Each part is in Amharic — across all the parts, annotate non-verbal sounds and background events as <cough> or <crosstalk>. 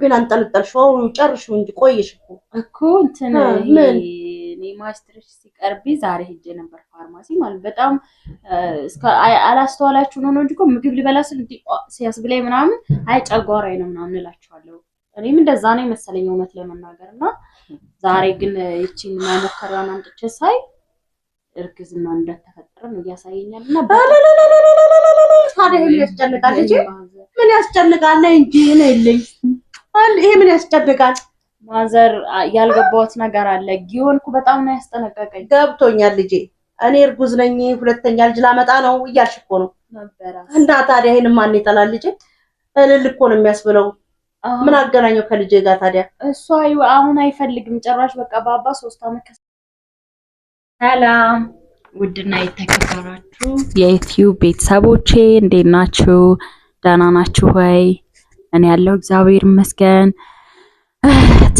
ግን አንጠልጠልሽው አሁን ጨርሽው እንጂ ቆየሽ እኮ እኮ እንትን እኔ ማስትሬት ሲቀርብ ዛሬ ሄጄ ነበር ፋርማሲ ማለት በጣም አላስተዋላችሁ ነው ነው እንጂ እኮ ምግብ ልበላ ስል ሲያስብላኝ ምናምን አይ ጨጓራዬ ነው ምናምን እላችኋለሁ። እኔም እንደዛ ነው የመሰለኝ እውነት ለመናገር እና ዛሬ ግን ይቺን መሞከሪያውን አምጥቼ ሳይ እርግዝና እንደተፈጠረ ነው እያሳየኛል እና ታዲያ ምን ያስጨንቃል እንጂ ምን ያስጨንቃል እንጂ ነው የለኝ ይሄ ምን ያስጨንቃል? ማዘር ያልገባሁት ነገር አለ። ጊዮንኩ በጣም ነው ያስጠነቀቀኝ። ገብቶኛል ልጄ፣ እኔ እርጉዝ ነኝ፣ ሁለተኛ ልጅ ላመጣ ነው እያልሽ እኮ ነው እንዳ ታዲያ ይሄን ማን ይጠላል? ልጄ እልል እኮ ነው የሚያስብለው። ምን አገናኘው ከልጄ ጋር ታዲያ? እሷ አሁን አይፈልግም ጭራሽ። በቃ ባባ ሶስት አመት። ሰላም ውድና የተከበራችሁ የዩቲዩብ ቤተሰቦቼ እንዴት ናችሁ? ደህና ናችሁ ወይ? እኔ ያለው እግዚአብሔር ይመስገን።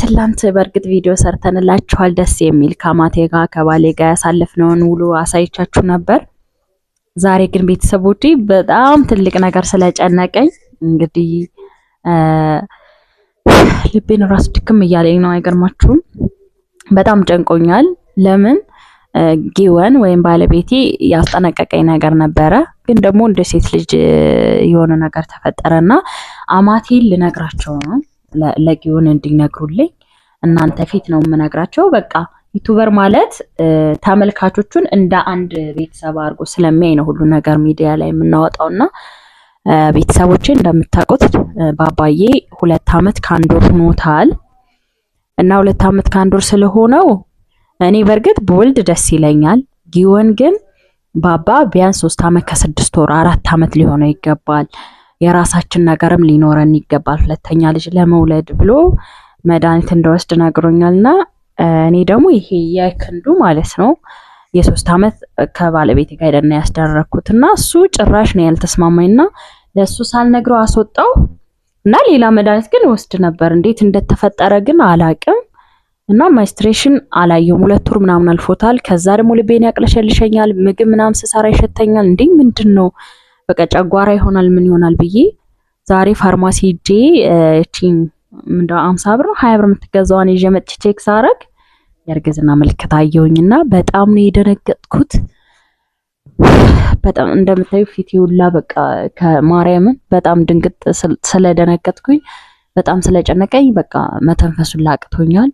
ትላንት በእርግጥ ቪዲዮ ሰርተንላችኋል። ደስ የሚል ከማቴ ጋር ከባሌ ጋር ያሳለፍነውን ውሎ አሳይቻችሁ ነበር። ዛሬ ግን ቤተሰቦቼ በጣም ትልቅ ነገር ስለጨነቀኝ እንግዲህ ልቤን ራሱ ድክም እያለኝ ነው። አይገርማችሁም? በጣም ጨንቆኛል። ለምን ጊወን ወይም ባለቤቴ ያስጠነቀቀኝ ነገር ነበረ ግን ደግሞ እንደ ሴት ልጅ የሆነ ነገር ተፈጠረ እና አማቴን ልነግራቸው ነው ለጊዮን እንዲነግሩልኝ እናንተ ፊት ነው የምነግራቸው። በቃ ዩቱበር ማለት ተመልካቾቹን እንደ አንድ ቤተሰብ አድርጎ ስለሚያይ ነው ሁሉ ነገር ሚዲያ ላይ የምናወጣው እና ቤተሰቦች እንደምታውቁት ባባዬ ሁለት ዓመት ከአንድ ወር ሆኖታል እና ሁለት ዓመት ከአንድ ወር ስለሆነው እኔ በእርግጥ በወልድ ደስ ይለኛል። ጊዮን ግን ባባ ቢያንስ ሶስት ዓመት ከስድስት ወር አራት ዓመት ሊሆነው ይገባል። የራሳችን ነገርም ሊኖረን ይገባል። ሁለተኛ ልጅ ለመውለድ ብሎ መድኃኒት እንደወስድ ነግሮኛልና እኔ ደግሞ ይሄ የክንዱ ማለት ነው የሶስት ዓመት ከባለቤት ጋር ያስደረግኩት እና እሱ ጭራሽ ነው ያልተስማማኝ እና ለእሱ ሳልነግረው አስወጣው እና ሌላ መድኃኒት ግን ወስድ ነበር። እንዴት እንደተፈጠረ ግን አላቅም። እና ማይስትሬሽን አላየውም። ሁለት ወር ምናምን አልፎታል። ከዛ ደግሞ ልቤን ያቅለሸልሸኛል፣ ምግብ ምናምን ስሰራ ይሸተኛል። እንዴ ምንድን ነው በቃ ጨጓራ ይሆናል ምን ይሆናል ብዬ ዛሬ ፋርማሲ ሄጄ እቺን ምንደ አምሳ ብር ነው ሀያ ብር የምትገዛዋን ይዤ መጥቼ ቼክ ሳረግ የእርግዝና ምልክት አየሁኝና በጣም ነው የደነገጥኩት። በጣም እንደምታዩ ፊቴ ሁላ በቃ ከማርያምን በጣም ድንግጥ ስለደነገጥኩኝ በጣም ስለጨነቀኝ በቃ መተንፈሱን ላቅቶኛል።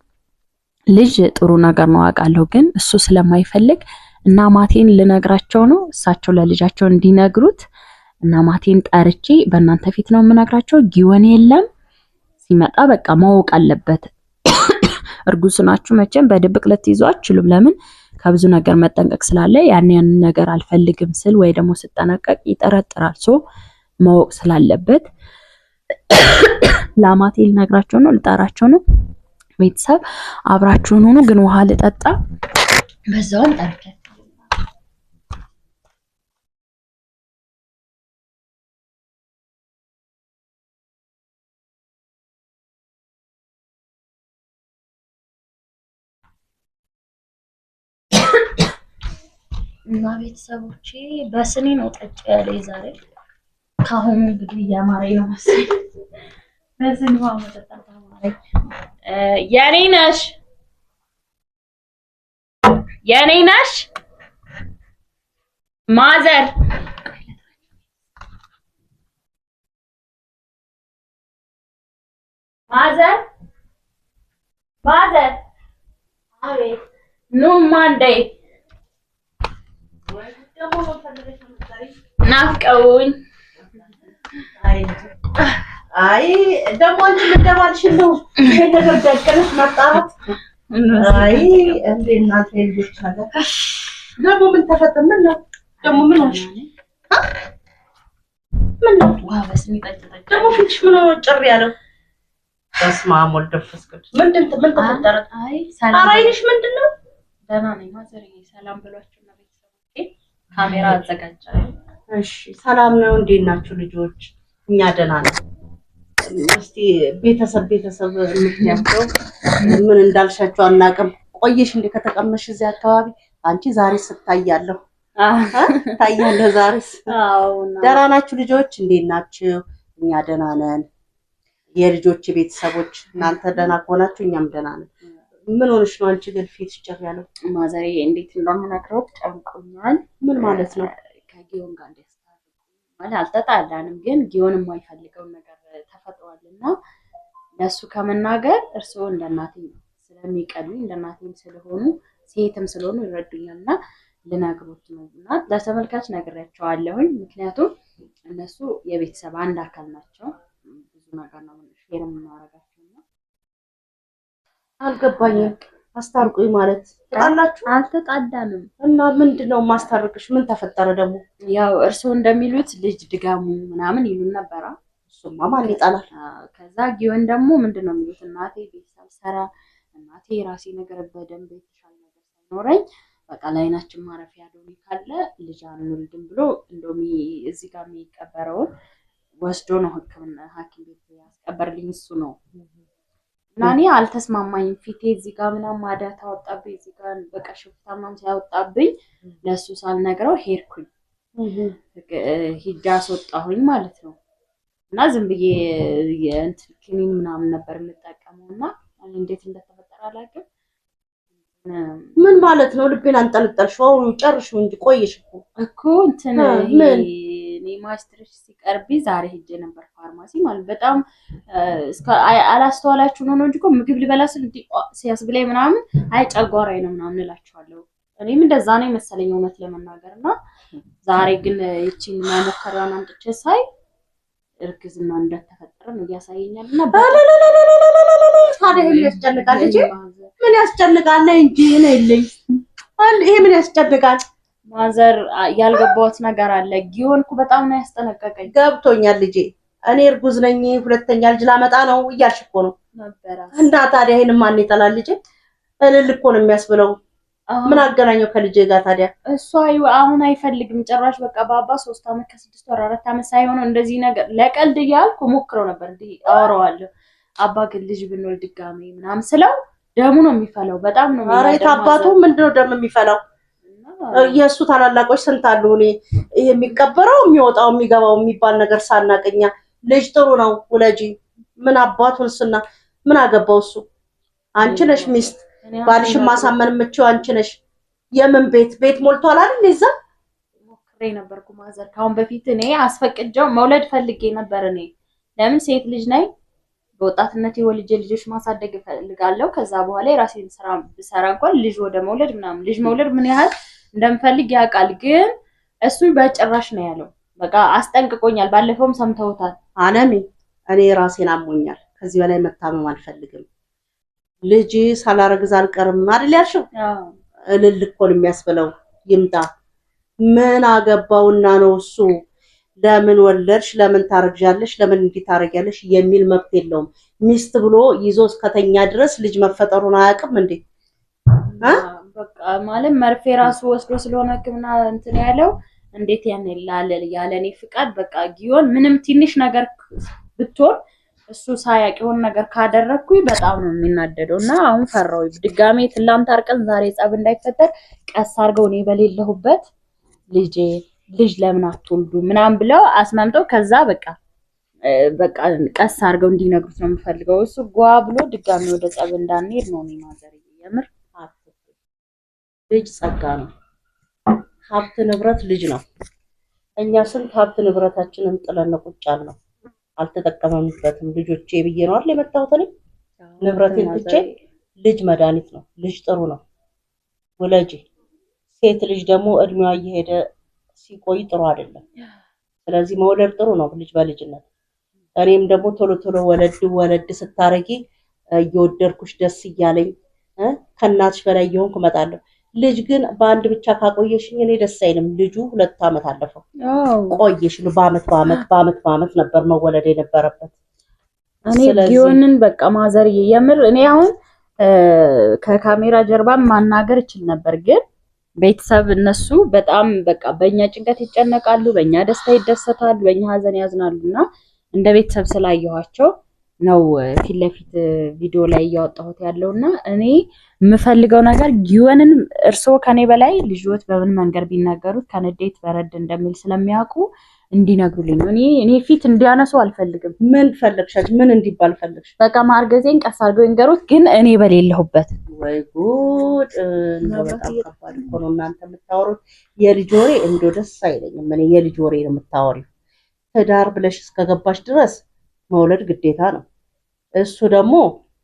ልጅ ጥሩ ነገር ነው አውቃለሁ፣ ግን እሱ ስለማይፈልግ እና ማቴን ልነግራቸው ነው። እሳቸው ለልጃቸው እንዲነግሩት እና ማቴን ጠርቼ በእናንተ ፊት ነው የምነግራቸው። ጊወን የለም ሲመጣ በቃ ማወቅ አለበት። <coughs> እርጉዝ ናችሁ መቼም በድብቅ ልትይዙ አትችሉም። ለምን ከብዙ ነገር መጠንቀቅ ስላለ ያን ያን ነገር አልፈልግም ስል ወይ ደግሞ ስጠነቀቅ ይጠረጥራል። ሶ ማወቅ ስላለበት <coughs> ለማቴ ልነግራቸው ነው፣ ልጠራቸው ነው። ቤተሰብ አብራችሁን ሆኑ። ግን ውሃ ልጠጣ በዛውም ጠርተ እና ቤተሰቦቼ በስኔ ነው ጠጭ ያለ ዛሬ ከአሁኑ እንግዲህ እያማረኝ ነው መሰለኝ በስኒ ውሃ መጠጣት አማረኝ። يا ريناش يا ريناش مازر مازر مازر نو ماندي نافقوني አይ ደግሞ አንቺ ምን ደባልሽ? እንደው ይሄን ነገር ዳቀለሽ ማጣራት። አይ እንዴ እናንተ ልጆች ነገር ደግሞ ምን ተፈጠረ? ምን ነው ደግሞ ምን ሆነሽ? ምን ነው ዋ በስሚ ጠጭ ደግሞ ፊትሽ ምን ነው ጭር ያለው? በስመ አብ ወልድ ወመንፈስ ቅዱስ ምንድን ምን ተፈጠረ? አይ ሰላም አይንሽ ምንድን ነው? ደህና ነኝ ማዘር። ሰላም ብሏችሁ ነው ቤተሰቦቼ። ካሜራ አዘጋጃለሁ። እሺ ሰላም ነው። እንዴት ናችሁ ልጆች? እኛ ደህና ነን። እስቲ ቤተሰብ ቤተሰብ ምክንያቸው ምን እንዳልሻቸው አናውቅም። ቆየሽ እንደ ከተቀመሽ እዚህ አካባቢ አንቺ ዛሬ ስታያለሁ ታያለ ዛሬስ ደህና ናችሁ ልጆች? እንዴት ናችሁ? እኛ ደህና ነን። የልጆች ቤተሰቦች እናንተ ደህና ከሆናችሁ እኛም ደህና ነን። ምን ሆነሽ ነው አንቺ ግን ፊት ጭር ያለው? ማዘሬ እንዴት እንደምነግረው ጨንቆኛል። ምን ማለት ነው? ከጊዮን ጋር እንዴት ማለት አልተጣላንም፣ ግን ጊዮን የማይፈልገውን ነገር ተፈጥሯል እና ለእሱ ከመናገር እርስዎ እንደ እናቴ ስለሚቀሉኝ እንደ እናቴም ስለሆኑ ሴትም ስለሆኑ ይረዱኛል እና ልነግሮት ነው እና ለተመልካች ነግሬያቸዋለሁኝ። ምክንያቱም እነሱ የቤተሰብ አንድ አካል ናቸው። ብዙ ነገር ነው ሼር የምናረጋቸው። አልገባኝም አስታርቁኝ ማለት ተጣላችሁ? አልተጣላንም። እና ምንድን ነው ማስታርቅሽ? ምን ተፈጠረ ደግሞ? ያው እርስዎ እንደሚሉት ልጅ ድጋሙ ምናምን ይሉን ነበረ? እሱማ ማን ይጣላል? ከዛ ጊዮን ደግሞ ምንድን ነው የሚሉት እናቴ ቤት ሰራ እናቴ የራሴ ነገር በደንብ የተሻለ ነገር ሳይኖረኝ በቃ ላይናችን ማረፊያ ዶሚ ካለ ልጅ አንወልድም ብሎ እንደውም እዚህ ጋር የሚቀበረውን ወስዶ ነው ሕክምና ሐኪም ቤት ያስቀበርልኝ እሱ ነው እና እኔ አልተስማማኝም። ፊቴ እዚህ ጋር ምናምን ማዳት አወጣብኝ፣ እዚህ ጋር በቃ ሽፍታ ምናምን ሲያወጣብኝ ለእሱ ሳልነግረው ሄድኩኝ፣ ሂጃ አስወጣሁኝ ማለት ነው። እና ዝም ብዬ እንትን ክኒን ምናምን ነበር የምጠቀመው እና እንዴት እንደተፈጠረ አላውቅም። ምን ማለት ነው? ልቤን አንጠልጠልሽው ጨርሽው እንጂ ቆየሽ እኮ እኮ እንትን እኔ ማስትሬት ሲቀርብ ዛሬ ሄጄ ነበር ፋርማሲ ማለት በጣም አላስተዋላችሁ ነው ነው እንጂ እኮ ምግብ ልበላ ስል ሲያስብላኝ ምናምን አይ ጨጓራዬ ነው ምናምን እላችኋለሁ። እኔም እንደዛ ነው የመሰለኝ እውነት ለመናገር እና ዛሬ ግን ይቺን መሞከሪያዋን አምጥቼ ሳይ እርግዝና እንደተፈጠረ ነው እያሳየኛል እና ታዲያ ምን ያስጨንቃል? እንጂ ምን ያስጨንቃል? ነይ እንጂ ነይልኝ። ይሄ ምን ያስጨንቃል? ማዘር ያልገባሁት ነገር አለ። ጊዮንኩ በጣም ነው ያስጠነቀቀኝ። ገብቶኛል ልጄ፣ እኔ እርጉዝ ነኝ፣ ሁለተኛ ልጅ ላመጣ ነው እያልሽ እኮ ነው እና ታዲያ ይሄን ማን ይጠላል ልጄ? እልል እኮ ነው የሚያስብለው። ምን አገናኘው ከልጄ ጋር ታዲያ? እሷ አሁን አይፈልግም ጭራሽ። በቃ ባባ ሶስት አመት ከስድስት ወር አራት አመት ሳይሆነው እንደዚህ ነገር ለቀልድ እያልኩ ሞክረው ነበር እንዲህ አወራዋለሁ። አባ ግን ልጅ ብንወልድ ድጋሜ ምናምን ስለው ደሙ ነው የሚፈላው። በጣም ነው ሬት አባቱ ምንድነው ደም የሚፈላው? የእሱ ታላላቆች ስንት አሉ? እኔ የሚቀበረው የሚወጣው የሚገባው የሚባል ነገር ሳናቀኛ ልጅ ጥሩ ነው ውለጂ። ምን አባቱን ስና ምን አገባው እሱ። አንቺ ነሽ ሚስት፣ ባልሽን ማሳመን የምችው አንቺ ነሽ። የምን ቤት ቤት ሞልቷል አይደል? ይዛ ሞክሬ ነበርኩ ማዘር። ከአሁን በፊት እኔ አስፈቅጀው መውለድ ፈልጌ ነበር። እኔ ለምን ሴት ልጅ ነኝ በወጣትነት የወልጄ ልጆች ማሳደግ እፈልጋለሁ። ከዛ በኋላ የራሴን ስራ ብሰራ እንኳን ልጅ ወደ መውለድ ምናምን ልጅ መውለድ ምን ያህል እንደምፈልግ ያውቃል። ግን እሱ በጭራሽ ነው ያለው። በቃ አስጠንቅቆኛል። ባለፈውም ሰምተውታል። አለሜ እኔ ራሴን አሞኛል። ከዚህ በላይ መታመም አልፈልግም። ልጅ ሳላረግዝ አልቀርም አይደል ያልሽው? እልል እኮ ነው የሚያስብለው። ይምጣ ምን አገባውና ነው እሱ ለምን ወለድሽ፣ ለምን ታረግዣለሽ፣ ለምን እንዲህ ታረጊያለሽ የሚል መብት የለውም። ሚስት ብሎ ይዞ እስከተኛ ድረስ ልጅ መፈጠሩን አያውቅም እንዴ? በቃ ማለት መርፌ ራሱ ወስዶ ስለሆነ ሕክምና እንትን ያለው እንዴት ያን ላለል ያለ እኔ ፍቃድ በቃ ጊዮን ምንም ትንሽ ነገር ብትሆን እሱ ሳያቅ የሆን ነገር ካደረግኩኝ በጣም ነው የሚናደደው። እና አሁን ፈራው ድጋሜ ትላንት አርቀን ዛሬ ጸብ እንዳይፈጠር ቀስ አድርገው እኔ በሌለሁበት ልጄ ልጅ ለምን አትወልዱ ምናምን ብለው አስመምጠው ከዛ በቃ በቃ ቀስ አድርገው እንዲነግሩት ነው የምፈልገው። እሱ ጓ ብሎ ድጋሚ ወደ ጸብ እንዳንሄድ ነው። እኔ ማዘር የምር ልጅ ጸጋ ነው፣ ሀብት ንብረት ልጅ ነው። እኛ ስንት ሀብት ንብረታችንን ጥለን ቁጭ ነው አልተጠቀመምበትም። ልጆቼ ብዬ ነው አይደል የመጣሁት እኔ ንብረቴን ትቼ። ልጅ መድኃኒት ነው። ልጅ ጥሩ ነው። ወለጂ ሴት ልጅ ደግሞ እድሜዋ እየሄደ ሲቆይ ጥሩ አይደለም። ስለዚህ መውለድ ጥሩ ነው ልጅ በልጅነት እኔም ደግሞ ቶሎ ቶሎ ወለድ ወለድ ስታረጊ እየወደድኩሽ ደስ እያለኝ ከእናትሽ በላይ እየሆንኩ እመጣለሁ። ልጅ ግን በአንድ ብቻ ካቆየሽኝ እኔ ደስ አይልም። ልጁ ሁለት ዓመት አለፈው ቆየሽ። በአመት በአመት በአመት በአመት ነበር መወለድ የነበረበት። እኔ ጊዮንን በቃ ማዘርዬ የምር እኔ አሁን ከካሜራ ጀርባ ማናገር እችል ነበር ግን ቤተሰብ እነሱ በጣም በቃ በእኛ ጭንቀት ይጨነቃሉ፣ በእኛ ደስታ ይደሰታሉ፣ በእኛ ሀዘን ያዝናሉ እና እንደ ቤተሰብ ስላየኋቸው ነው ፊት ለፊት ቪዲዮ ላይ እያወጣሁት ያለው እና እኔ የምፈልገው ነገር ጊወንን እርስዎ ከኔ በላይ ልጆት በምን መንገድ ቢናገሩት ከንዴት በረድ እንደሚል ስለሚያውቁ እንዲነግሩልኝ ነው። እኔ ፊት እንዲያነሱ አልፈልግም። ምን ፈለግሻች? ምን እንዲባል ፈለግሽ? በቃ ማርገዜን ቀስ አድርገው ይንገሩት፣ ግን እኔ በሌለሁበት። ወይ ጉድ! በጣም ከባድ እኮ ነው እናንተ የምታወሩት የልጅ ወሬ። እንዶ ደስ አይለኝም። እኔ የልጅ ወሬ ነው የምታወሪው። ትዳር ብለሽ እስከገባሽ ድረስ መውለድ ግዴታ ነው። እሱ ደግሞ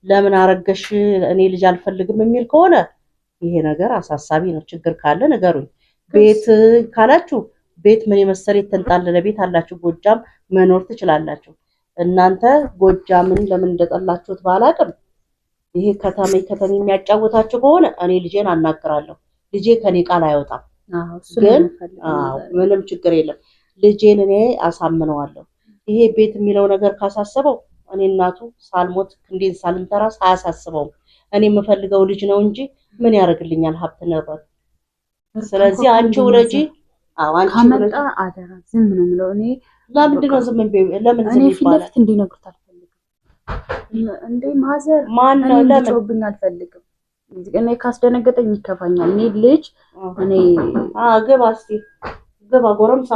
ለምን አረገሽ እኔ ልጅ አልፈልግም የሚል ከሆነ ይሄ ነገር አሳሳቢ ነው። ችግር ካለ ንገሩኝ። ቤት ካላችሁ ቤት ምን የመሰለ የተንጣለለ ቤት አላችሁ ጎጃም መኖር ትችላላችሁ። እናንተ ጎጃምን ለምን እንደጠላችሁት ባላቅም ይሄ ከተሜ ከተሜ የሚያጫወታችሁ ከሆነ እኔ ልጄን አናግራለሁ። ልጄ ከኔ ቃል አይወጣም፣ ግን ምንም ችግር የለም። ልጄን እኔ አሳምነዋለሁ። ይሄ ቤት የሚለው ነገር ካሳሰበው እኔ እናቱ ሳልሞት ክንዴን ሳልንተራ አያሳስበውም። እኔ የምፈልገው ልጅ ነው እንጂ ምን ያደርግልኛል ሀብት ንብረት። ስለዚህ አንቺ ውለጂ ከመጣ አደራ ዝም ነው የምለው እኔ። ለምንድን ነው ዝም ለምን እኔ ፊት ለፊት እንዲነግሩት አልፈልግም። እንዴ ማዘር አልፈልግም። እኔ ካስደነገጠኝ ይከፋኛል። እኔ ልጅ እኔ ግባ እስኪ ግባ። ጎረምሳ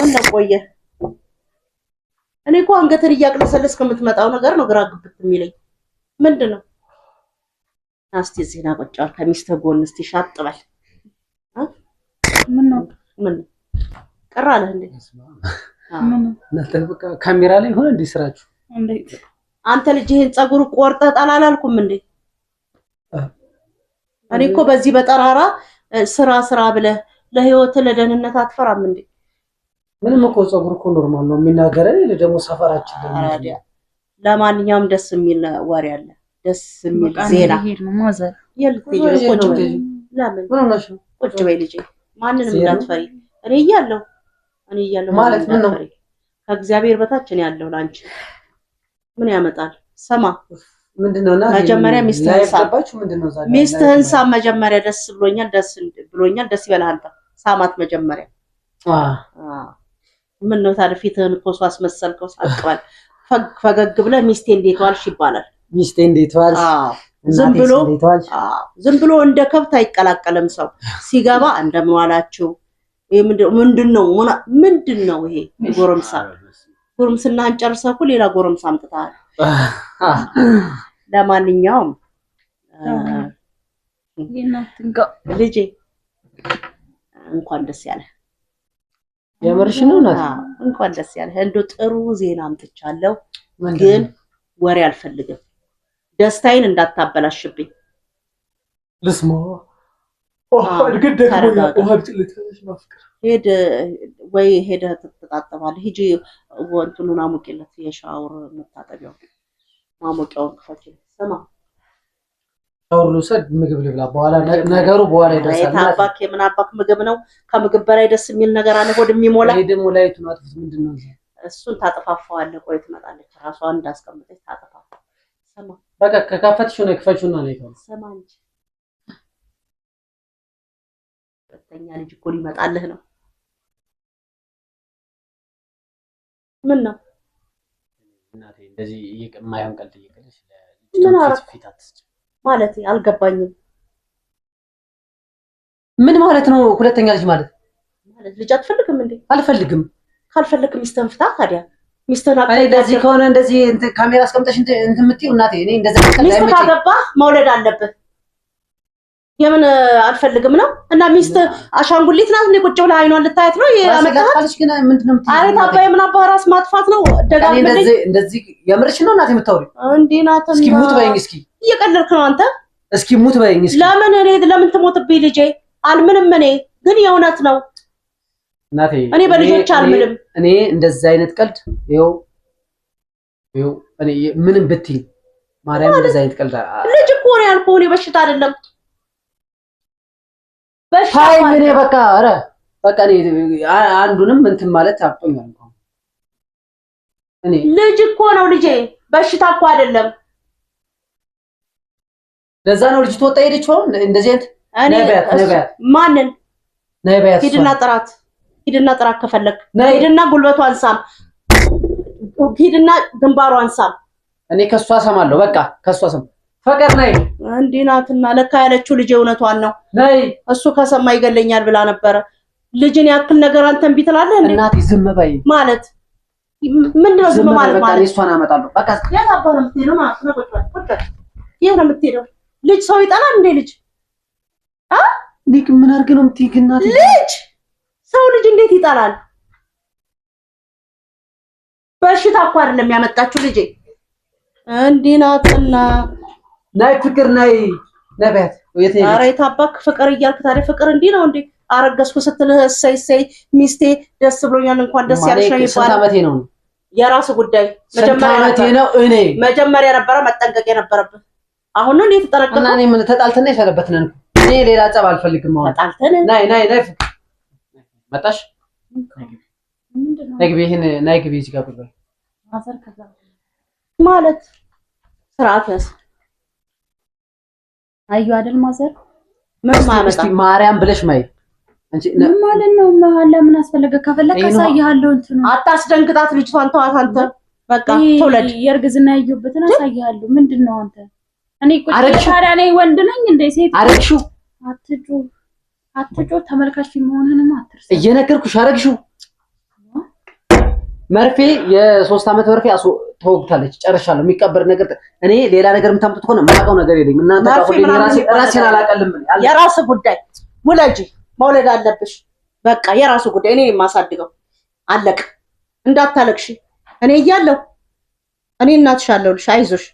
ምን ነው እኔ እኮ አንገትን እያቅለሰለስ ከምትመጣው ነገር ነው ግራ ግብት የሚለኝ ምንድን ነው። እስኪ እዚህ ና ጎን እስኪ ሻጥ በል ምን ቅር አለህ እንዴ? እናንተ በቃ ካሜራ ላይ ሆነ እንዴ ስራችሁ? አንተ ልጅ ይሄን ፀጉር ቆርጠህ ጣል አላልኩም እንዴ? እኔ እኮ በዚህ በጠራራ ስራ ስራ ብለህ ለህይወት ለደህንነት አትፈራም እንዴ? ምንም እኮ ፀጉር እኮ ኖርማል ነው የሚናገረን ደግሞ ሰፈራችን ለማንኛውም ደስ የሚል ወሬ አለ። ደስ የሚል ዜና ቁጭ በይ ልጄ ማንንም እንዳትፈሪ እኔ እያለሁ እኔ እያለሁ ማለት ምን ነው ከእግዚአብሔር በታች እኔ ያለሁ ላንቺ ምን ያመጣል ሰማ መጀመሪያ ሚስትህን ሳም ሚስትህን ሳም መጀመሪያ ደስ ብሎኛል ደስ ብሎኛል ደስ ይበላል። አንተ ሳማት መጀመሪያ ምን ነው ታዲያ ፊትህን እኮ እሷ አስመሰልከው ሳቅበል ፈገግ ብለህ ሚስቴ እንዴት ዋልሽ ይባላል ሚስቴ እንዴት ዋልሽ ዝም ብሎ እንደ ከብት አይቀላቀልም። ሰው ሲገባ እንደምዋላችሁ ምንድን ነው ምንድን ነው ይሄ ጎረምሳ ጎረምስና አንጨርሰ እኮ ሌላ ጎረምሳ አምጥተሃል። ለማንኛውም ልጄ እንኳን ደስ ያለ የምርሽ ነው ናት። እንኳን ደስ ያለ እንዶ ጥሩ ዜና አምጥቻለሁ፣ ግን ወሬ አልፈልግም ደስታዬን እንዳታበላሽብኝ። ልስማ ወይ ሄደህ ትጣጠባለህ። ሂጂ እንትኑን አሙቂለት፣ የሻውር መታጠቢያው ማሞቂያውን ክፈችል። ስማ ሻውር ልውሰድ፣ ምግብ ልብላ። በኋላ ነገሩ በኋላ ይደርሳል። ታባክ የምን አባክ ምግብ ነው? ከምግብ በላይ ደስ የሚል ነገር አለ ሆድ የሚሞላ። ይሄ ደግሞ ላይቱን አጥፍት ምንድን ነው? እሱን ታጥፋፋዋለህ። ቆይ ትመጣለች ራሷን እንዳስቀምጠች ታጠፋፋ። ስማ በቃ ከከፈትሽው ነው ክፈችውና ነው ይተው። ስማ እንጂ ሁለተኛ ልጅ እኮ ሊመጣልህ ነው። ምን ነው እናቴ እንደዚህ የማይሆን ቀልድ እየቀለድሽ ምን ፊት አትስጭ ማለት አልገባኝም። ምን ማለት ነው? ሁለተኛ ልጅ ማለት ማለት ልጅ አትፈልግም እንዴ? አልፈልግም። ካልፈልግም ይስተንፍታ ታዲያ ሚስቶን አቀ እንደዚህ ከሆነ እንደዚህ ካሜራ አስቀምጠሽ እንትን የምትይው እናቴ፣ እኔ እንደዛ ሚስት ካገባ መውለድ አለብህ። የምን አልፈልግም ነው እና ሚስት አሻንጉሊት ናት። እኔ ቁጭ ብለህ አይኗን ልታየት ነው ያመጣሽ። ግን ምንድነው የምትይው? አረ ታባዬ፣ ምን አባህ ራስ ማጥፋት ነው ደጋግመህ እንደዚህ እንደዚህ። የምርሽ ነው እናቴ የምታወሪው? እንዴ ናት። እስኪ ሙት በይኝ እስኪ። እየቀለድክ ነው አንተ። እስኪ ሙት በይኝ እስኪ። ለምን እኔ ለምን ትሞትብኝ ልጄ? አልምንም እኔ ግን የእውነት ነው እናቴ እኔ በልጆች አልምልም። እኔ እንደዛ አይነት ቀልድ ይኸው ይኸው እኔ ምንም ብትይ ማርያም እንደዛ አይነት ቀልድ ልጅ እኮ ነው ያልኩህ። እኔ በሽታ አይደለም በሽታ ታይም እኔ በቃ አረ በቃ እኔ አንዱንም እንትን ማለት አብጦኛል እንኳን እኔ ልጅ እኮ ነው ልጄ፣ በሽታ እኮ አይደለም። ለዛ ነው ልጅ ትወጣ ሄደች ሆን እንደዚህ አይነት ነቢያት ነቢያት ማንን ነቢያት ሂድና ጥራት ሂድና ጥራት ከፈለግ ሂድና ጉልበቷን ሳም፣ ሂድና ግንባሯን ሳም። እኔ ከሷ ሰማለሁ። በቃ ከሷ ሰማ። ፈቀድ ነይ እንዲህ ናትና፣ ለካ ያለችው ልጅ እውነቷን ነው። ነይ እሱ ከሰማ ይገለኛል ብላ ነበረ። ልጅን ያክል ነገር አንተን ቢትላለህ እንዴ? እናቴ ዝም በይ ማለት ምንድን ዝም ማለት ማለት እሷን አመጣለሁ። በቃ ያባባ ነው የምትሄደው ማለት ነው። በቃ ነው የምትሄደው። ልጅ ሰው ይጠላል እንዴ? ልጅ አ ሊክ ምን አድርገህ ነው የምትሄድ እናቴ ልጅ ሰው ልጅ እንዴት ይጠላል? በሽታ እኮ አይደለም ያመጣችሁ ልጄ። እንዲህ ናት እና ናይ ፍቅር ናይ ነቢያት ኧረ የታባክ ፍቅር እያልክ ታዲያ ፍቅር እንዲህ ነው እንዴ? አረገዝኩ ስትልህ እሰይ እሰይ ሚስቴ ደስ ብሎኛል እንኳን ደስ ያለሽ ነው ይባላል። ነው የራሱ ጉዳይ መጀመሪያ ነው እኔ መጀመሪያ ነበረ መጠንቀቅ የነበረብህ አሁን ነው እኔ ተጠረቀቀ እና እኔ ምን ተጣልተና የሰለበት ነን። እኔ ሌላ ጸብ አልፈልግም። አሁን ተጣልተን ናይ ናይ ናይ ፍቅር መጣሽ? ነይ ግቢ። ይሄን ነይ ግቢ። እዚህ ጋር ቁጭ በይ ማለት ስርዓት ያስ አየሁ አይደል ማዘር ምን ማለት ነው? ማርያም ብለሽ ማይ አንቺ ምን ማለት ነው? መሀል ለምን አስፈለገ? ከፈለክ አሳይሃለሁ። እንትኑ አታስደንግጣት ልጅቷን፣ ተዋት አንተ። በቃ ትውለድ። የእርግዝና ያየሁበትን አሳይሃለሁ። ምንድን ነው አንተ? እኔ ቁጭ ታዲያ ነኝ። ወንድ ነኝ እንደ ሴት አረግሽው። አትጩ አትጮ ተመልካች መሆንህንም አትርሳ። እየነገርኩሽ አደረግሽው። መርፌ የሶስት ዓመት መርፌ አሶ ተወግታለች። ጨርሻለሁ። የሚቀበር ነገር እኔ ሌላ ነገር የምታምጡት ከሆነ የማውቀው ነገር የለኝም። እናንተ ራሴን አላቀልም። የራስ ጉዳይ ውለጅ መውለድ አለብሽ። በቃ የራሱ ጉዳይ። እኔ የማሳድገው አለቅ። እንዳታለቅሽ እኔ እያለሁ እኔ እናትሽ አለሁልሽ። አይዞሽ